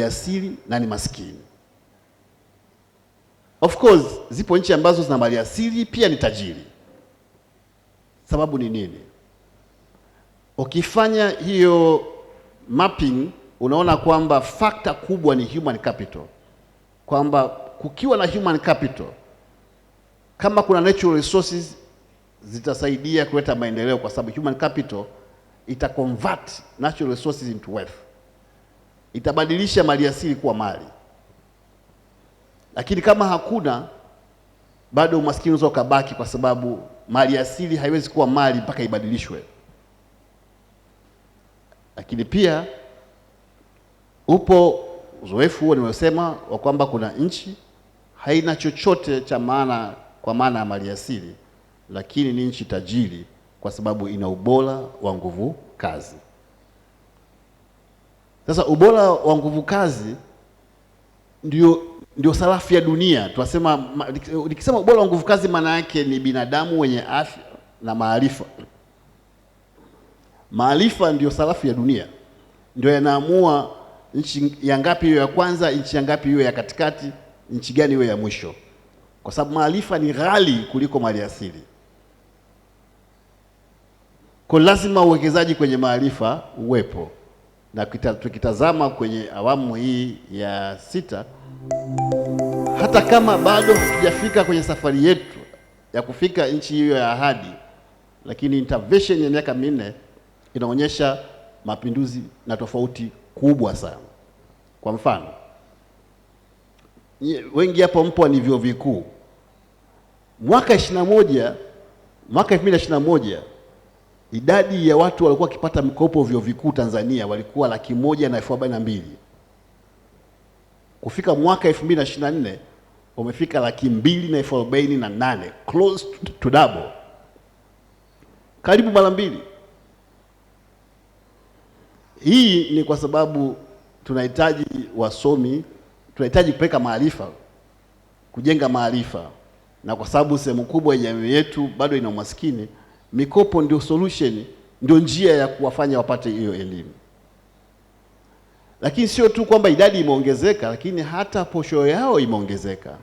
Maliasili na ni maskini. Of course zipo nchi ambazo zina maliasili pia ni tajiri. Sababu ni nini? Ukifanya hiyo mapping unaona kwamba fakta kubwa ni human capital, kwamba kukiwa na human capital, kama kuna natural resources zitasaidia kuleta maendeleo, kwa sababu human capital ita convert natural resources into wealth itabadilisha maliasili kuwa mali, lakini kama hakuna bado umaskini unaweza ukabaki, kwa sababu maliasili haiwezi kuwa mali mpaka ibadilishwe. Lakini pia upo uzoefu huo nimesema wa kwamba kuna nchi haina chochote cha maana kwa maana ya maliasili, lakini ni nchi tajiri kwa sababu ina ubora wa nguvu kazi. Sasa ubora wa nguvu kazi ndio ndio sarafu ya dunia. Tunasema, nikisema ubora wa nguvu kazi, maana yake ni binadamu wenye afya na maarifa. Maarifa ndio sarafu ya dunia, ndio yanaamua nchi ya ngapi hiyo ya kwanza, nchi ya ngapi hiyo ya katikati, nchi gani hiyo ya mwisho, kwa sababu maarifa ni ghali kuliko mali asili. Kwa lazima uwekezaji kwenye maarifa uwepo na tukitazama kwenye awamu hii ya sita, hata kama bado hatujafika kwenye safari yetu ya kufika nchi hiyo ya ahadi, lakini intervention ya miaka minne inaonyesha mapinduzi na tofauti kubwa sana. Kwa mfano, wengi hapo mpo ni vyuo vikuu mwaka 21 mwaka idadi ya watu walikuwa wakipata mikopo vyuo vikuu Tanzania walikuwa laki moja na elfu arobaini na mbili kufika mwaka 2024 wamefika laki mbili na elfu arobaini na nane close to double, karibu mara mbili. Hii ni kwa sababu tunahitaji wasomi, tunahitaji kupeleka maarifa, kujenga maarifa, na kwa sababu sehemu kubwa ya jamii yetu bado ina umaskini Mikopo ndio solution, ndio njia ya kuwafanya wapate hiyo elimu. Lakini sio tu kwamba idadi imeongezeka, lakini hata posho yao imeongezeka.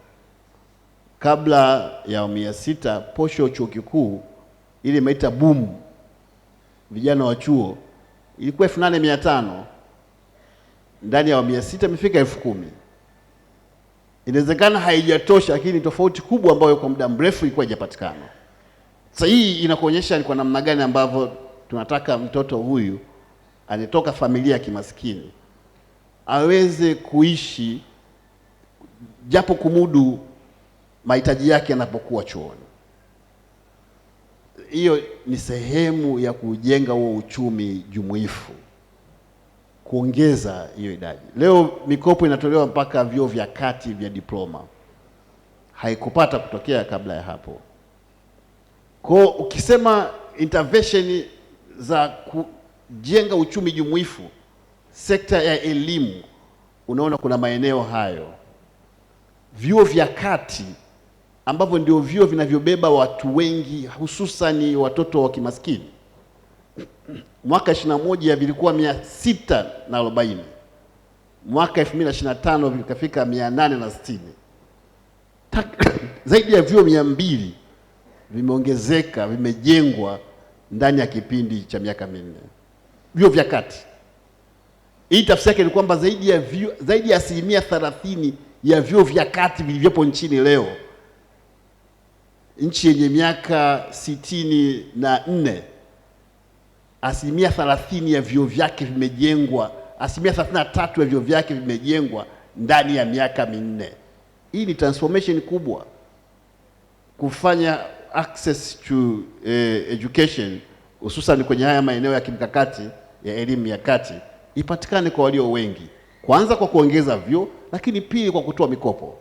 Kabla ya awamu ya sita, posho chuo kikuu ile imeita boom, vijana wa chuo ilikuwa elfu nane mia tano ndani ya awamu ya sita imefika elfu kumi Inawezekana haijatosha, lakini tofauti kubwa ambayo kwa muda mrefu ilikuwa haijapatikana. Sasa hii inakuonyesha ni kwa namna gani ambavyo tunataka mtoto huyu anatoka familia ya kimaskini aweze kuishi japo kumudu mahitaji yake yanapokuwa chuoni. Hiyo ni sehemu ya kujenga huo uchumi jumuifu, kuongeza hiyo idadi. Leo mikopo inatolewa mpaka vyuo vya kati vya diploma, haikupata kutokea kabla ya hapo. Kwa ukisema intervention za kujenga uchumi jumuifu sekta ya elimu, unaona kuna maeneo hayo. Vyuo vya kati ambavyo ndio vyuo vinavyobeba watu wengi hususani watoto wa kimaskini, mwaka 21 vilikuwa 640, mwaka 2025 vikafika 860, zaidi ya vyuo 200 vimeongezeka, vimejengwa ndani ya kipindi cha miaka minne. Vyuo vya kati, hii tafsiri yake ni kwamba zaidi ya vyuo, zaidi ya asilimia thelathini ya vyuo vya kati vilivyopo nchini leo, nchi yenye miaka sitini na nne asilimia thelathini ya vyuo vyake vimejengwa, asilimia thelathini na tatu ya vyuo vyake vimejengwa ndani ya miaka minne. Hii ni transformation kubwa kufanya access to eh, education hususan kwenye haya maeneo ya kimkakati ya elimu ya kati ipatikane kwa walio wengi, kwanza kwa kuongeza vyuo, lakini pili kwa kutoa mikopo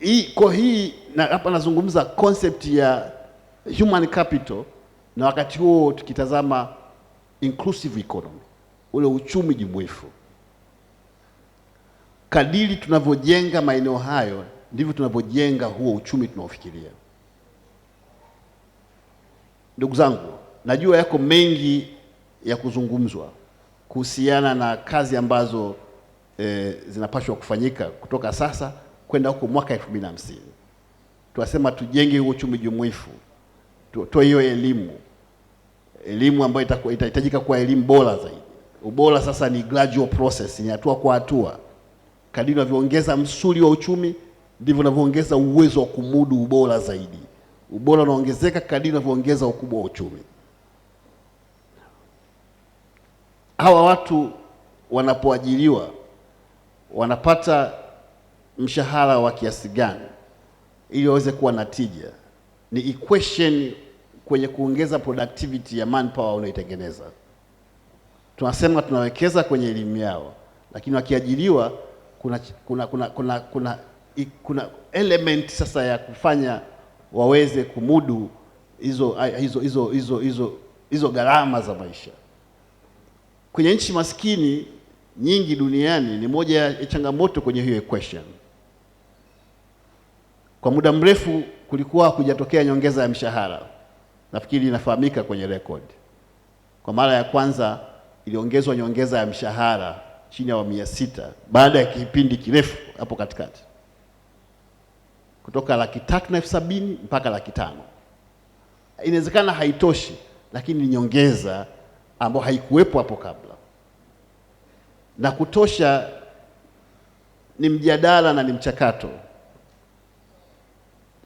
i, kwa hii na hapa nazungumza concept ya human capital, na wakati huo tukitazama inclusive economy, ule uchumi jumuifu. Kadiri tunavyojenga maeneo hayo ndivyo tunavyojenga huo uchumi tunaofikiria. Ndugu zangu, najua yako mengi ya kuzungumzwa kuhusiana na kazi ambazo e, zinapaswa kufanyika kutoka sasa kwenda huko mwaka elfu mbili na hamsini. Tunasema tujenge huo uchumi jumuifu, tutoe hiyo elimu, elimu ambayo itahitajika kuwa elimu bora zaidi. Ubora sasa ni gradual process, ni hatua kwa hatua, kadiri unavyoongeza msuli wa uchumi ndivyo unavyoongeza uwezo wa kumudu ubora zaidi. Ubora unaongezeka kadiri unavyoongeza ukubwa wa uchumi. Hawa watu wanapoajiriwa wanapata mshahara wa kiasi gani ili waweze kuwa na tija? Ni equation kwenye kuongeza productivity ya manpower unaoitengeneza. Tunasema tunawekeza kwenye elimu yao, lakini wakiajiriwa kuna, kuna, kuna, kuna, kuna kuna element sasa ya kufanya waweze kumudu hizo hizo hizo hizo hizo hizo gharama za maisha. Kwenye nchi maskini nyingi duniani ni moja ya changamoto kwenye hiyo equation. Kwa muda mrefu kulikuwa kujatokea nyongeza ya mshahara, nafikiri inafahamika kwenye record. Kwa mara ya kwanza iliongezwa nyongeza ya mshahara chini ya mia sita baada ya kipindi kirefu hapo katikati kutoka laki tatu na elfu sabini mpaka laki tano. Inawezekana haitoshi, lakini ni nyongeza ambayo haikuwepo hapo kabla. Na kutosha ni mjadala na ni mchakato,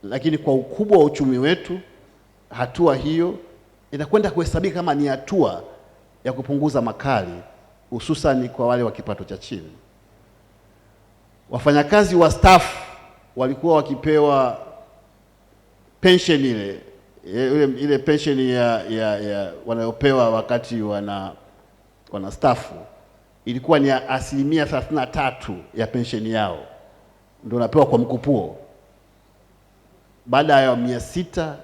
lakini kwa ukubwa wa uchumi wetu hatua hiyo inakwenda kuhesabika kama ni hatua ya kupunguza makali, hususani kwa wale wa kipato cha chini, wafanyakazi wastaafu walikuwa wakipewa pension ile eh, ile, ile pension ya, ya, ya wanayopewa wakati wana wanastaafu ilikuwa ni asilimia thelathini na tatu ya pensheni yao ndio napewa kwa mkupuo. Baada ya mia sita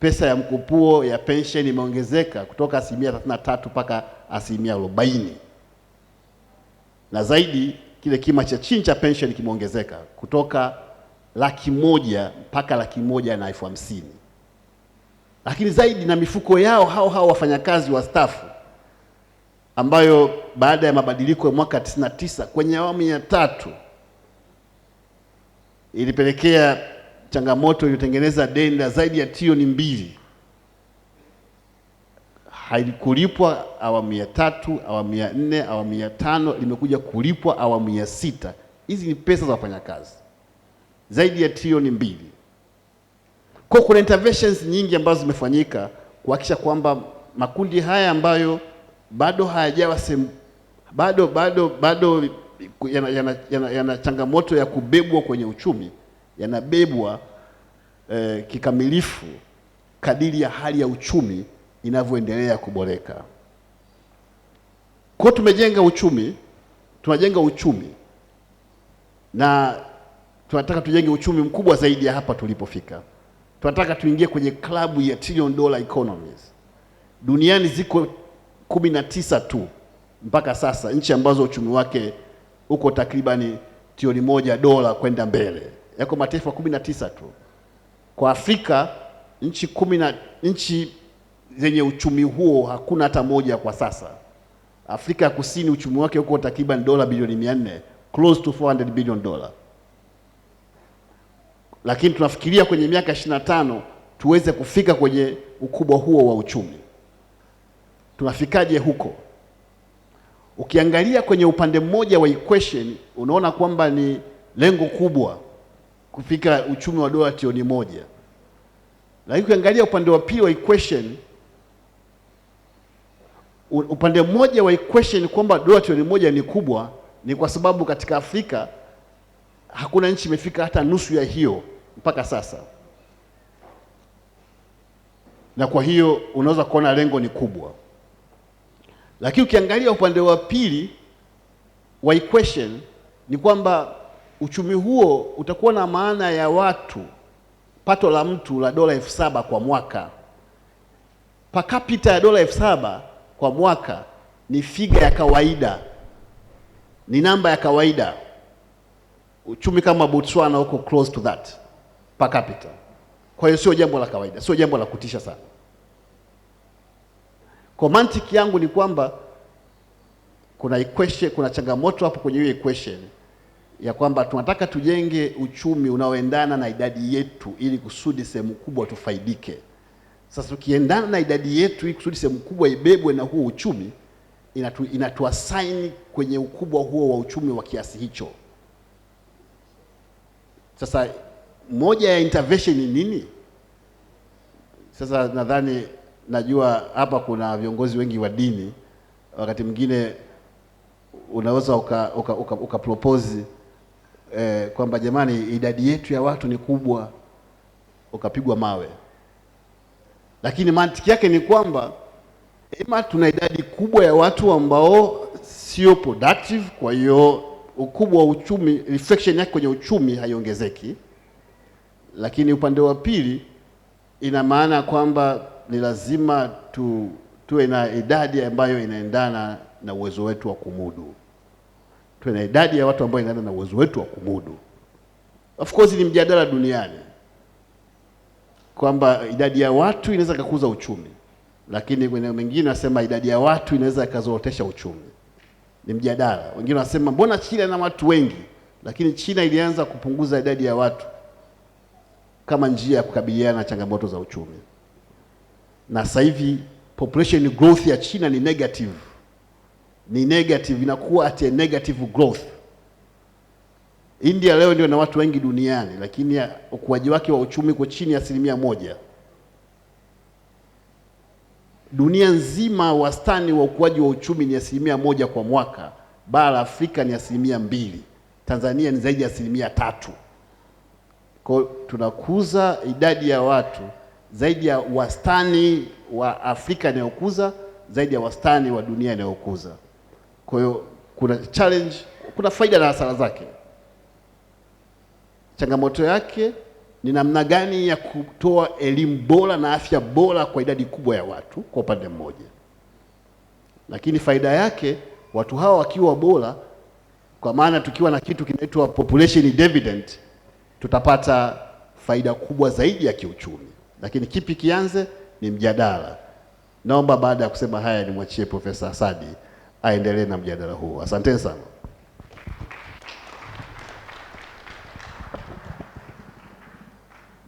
pesa ya mkupuo ya pensheni imeongezeka kutoka asilimia thelathini na tatu mpaka asilimia arobaini na zaidi kile kima cha chini cha pension kimeongezeka kutoka laki moja mpaka laki moja na elfu hamsini lakini zaidi na mifuko yao hao hao wafanyakazi wa stafu ambayo baada ya mabadiliko ya mwaka 99 kwenye awamu ya tatu ilipelekea changamoto iliyotengeneza deni la zaidi ya trilioni mbili halikulipwa awamu ya tatu, awamu ya nne, awamu ya tano, limekuja kulipwa awamu ya sita. Hizi ni pesa za wafanyakazi zaidi ya trilioni mbili. Kwa kuna interventions nyingi ambazo zimefanyika kuhakikisha kwamba makundi haya ambayo bado hayajawa sehemu bado bado bado yana, yana, yana, yana changamoto ya kubebwa kwenye uchumi yanabebwa eh, kikamilifu kadiri ya hali ya uchumi inavyoendelea kuboreka. Kwa tumejenga uchumi, tunajenga uchumi na tunataka tujenge uchumi mkubwa zaidi ya hapa tulipofika. Tunataka tuingie kwenye klabu ya trillion dollar economies. Duniani ziko kumi na tisa tu mpaka sasa nchi ambazo uchumi wake uko takribani trilioni moja dola kwenda mbele, yako mataifa kumi na tisa tu. Kwa Afrika nchi kumi na nchi zenye uchumi huo hakuna hata moja kwa sasa. Afrika ya Kusini uchumi wake huko takriban dola bilioni 400, close to 400 billion dollar, lakini tunafikiria kwenye miaka 25 tuweze kufika kwenye ukubwa huo wa uchumi. Tunafikaje huko? Ukiangalia kwenye upande mmoja wa equation unaona kwamba ni lengo kubwa kufika uchumi wa dola trilioni moja, lakini ukiangalia upande wa pili wa equation upande mmoja wa equation kwamba dola trilioni moja ni kubwa ni kwa sababu katika Afrika hakuna nchi imefika hata nusu ya hiyo mpaka sasa, na kwa hiyo unaweza kuona lengo ni kubwa. Lakini ukiangalia upande wa pili wa equation ni kwamba uchumi huo utakuwa na maana ya watu, pato la mtu la dola elfu saba kwa mwaka, per capita ya dola elfu saba kwa mwaka ni figa ya kawaida, ni namba ya kawaida. Uchumi kama Botswana huko close to that per capita. Kwa hiyo sio jambo la kawaida, sio jambo la kutisha sana. Kwa mantiki yangu ni kwamba kuna equation, kuna changamoto hapo kwenye hiyo equation ya kwamba tunataka tujenge uchumi unaoendana na idadi yetu ili kusudi sehemu kubwa tufaidike. Sasa tukiendana na idadi yetu hii kusudi sehemu kubwa ibebwe na huo uchumi, inatu, inatuasaini kwenye ukubwa huo wa uchumi wa kiasi hicho. Sasa moja ya intervention ni nini? Sasa nadhani najua hapa kuna viongozi wengi wa dini, wakati mwingine unaweza uka, uka, uka, uka propose eh, kwamba jamani, idadi yetu ya watu ni kubwa, ukapigwa mawe. Lakini mantiki yake ni kwamba ima tuna idadi kubwa ya watu ambao sio productive, kwa hiyo ukubwa wa uchumi, reflection yake kwenye uchumi haiongezeki. Lakini upande wa pili, ina maana kwamba ni lazima tu tuwe na idadi ambayo inaendana na uwezo wetu wa kumudu, tuwe na idadi ya watu ambao inaendana na uwezo wetu wa kumudu. Of course ni mjadala duniani kwamba idadi ya watu inaweza ikakuza uchumi, lakini eneo mengine wanasema idadi ya watu inaweza ikazorotesha uchumi. Ni mjadala. Wengine wanasema mbona China ina watu wengi, lakini China ilianza kupunguza idadi ya watu kama njia ya kukabiliana na changamoto za uchumi, na sasa hivi population growth ya China ni negative, ni negative, inakuwa at a negative growth India leo ndio na watu wengi duniani, lakini ukuaji wake wa uchumi uko chini ya asilimia moja. Dunia nzima wastani wa ukuaji wa uchumi ni asilimia moja kwa mwaka, bara la Afrika ni asilimia mbili, Tanzania ni zaidi ya asilimia tatu. Kwa tunakuza idadi ya watu zaidi ya wastani wa Afrika inayokuza zaidi ya wastani wa dunia inayokuza. Kwa hiyo kuna challenge, kuna faida na hasara zake changamoto yake ni namna gani ya kutoa elimu bora na afya bora kwa idadi kubwa ya watu kwa upande mmoja, lakini faida yake watu hawa wakiwa bora, kwa maana tukiwa na kitu kinaitwa population dividend, tutapata faida kubwa zaidi ya kiuchumi. Lakini kipi kianze ni mjadala. Naomba baada ya kusema haya nimwachie Profesa Asadi aendelee na mjadala huo. Asanteni sana.